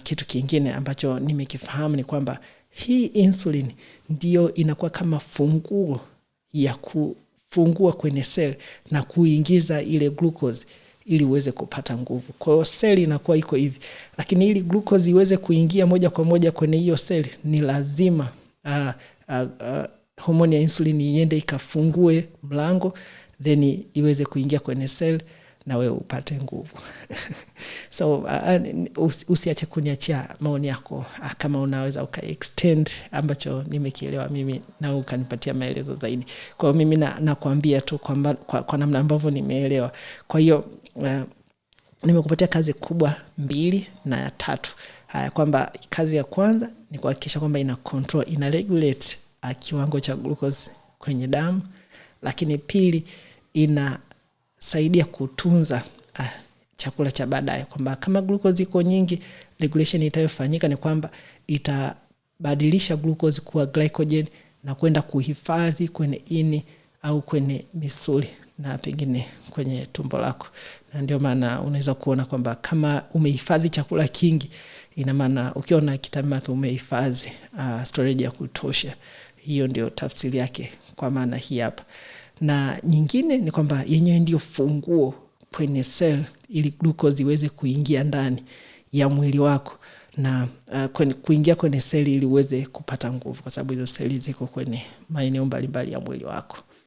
kitu kingine ambacho nimekifahamu ni kwamba hii insulin ndiyo inakuwa kama funguo ya kufungua kwenye sel na kuingiza ile glucose ili uweze kupata nguvu. Kwa hiyo seli inakuwa iko hivi, lakini ili glucose iweze kuingia moja kwa moja kwenye hiyo seli ni lazima uh, ah, uh, ah, uh, ah, homoni ya insulin iende ikafungue mlango then iweze kuingia kwenye seli na wewe upate nguvu. so uh, uh usiache kuniachia maoni yako uh, kama unaweza uka extend ambacho nimekielewa mimi na ukanipatia maelezo zaidi. Kwa hiyo mimi nakuambia na tu kwa, kwa, kwa namna ambavyo nimeelewa. Kwa hiyo uh, nimekupatia kazi kubwa mbili na ya tatu. Haya, kwamba kazi ya kwanza ni kuhakikisha kwamba ina control, ina regulate uh, kiwango cha glucose kwenye damu, lakini pili inasaidia kutunza uh, chakula cha baadaye, kwamba kama glucose iko nyingi, regulation itayofanyika ni kwamba itabadilisha glucose kuwa glycogen na kwenda kuhifadhi kwenye ini au kwenye misuli na pengine kwenye tumbo lako, na ndio maana unaweza kuona kwamba kama umehifadhi chakula kingi, ina maana ukiwa na kitambi umehifadhi uh, storage ya kutosha. Hiyo ndio tafsiri yake kwa maana hii hapa, na nyingine ni kwamba yenyewe ndio funguo kwenye cell ili glucose iweze kuingia ndani ya mwili wako na uh, kwenye, kuingia kwenye seli ili uweze kupata nguvu, kwa sababu hizo seli ziko kwenye maeneo mbalimbali ya mwili wako.